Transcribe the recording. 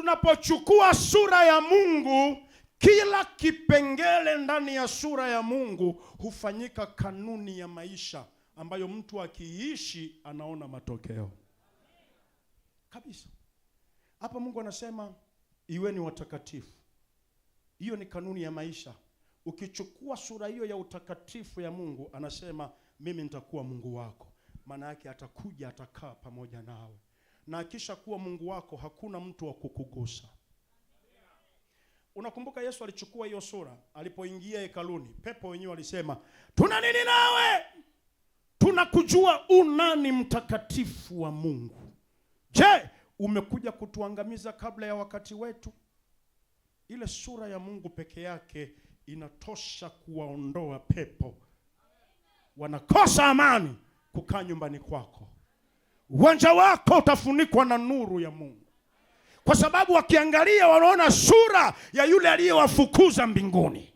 tunapochukua sura ya Mungu, kila kipengele ndani ya sura ya Mungu hufanyika kanuni ya maisha ambayo mtu akiishi anaona matokeo kabisa. Hapa Mungu anasema iweni watakatifu. Hiyo ni kanuni ya maisha. Ukichukua sura hiyo ya utakatifu ya Mungu, anasema mimi nitakuwa Mungu wako. Maana yake atakuja, atakaa pamoja nawe na akisha kuwa Mungu wako hakuna mtu wa kukugusa. Unakumbuka Yesu alichukua hiyo sura alipoingia hekaluni, pepo wenyewe walisema, tuna nini nawe? Tunakujua unani mtakatifu wa Mungu. Je, umekuja kutuangamiza kabla ya wakati wetu? Ile sura ya Mungu peke yake inatosha kuwaondoa pepo. Wanakosa amani kukaa nyumbani kwako uwanja wako utafunikwa na nuru ya Mungu, kwa sababu wakiangalia wanaona sura ya yule aliyewafukuza mbinguni.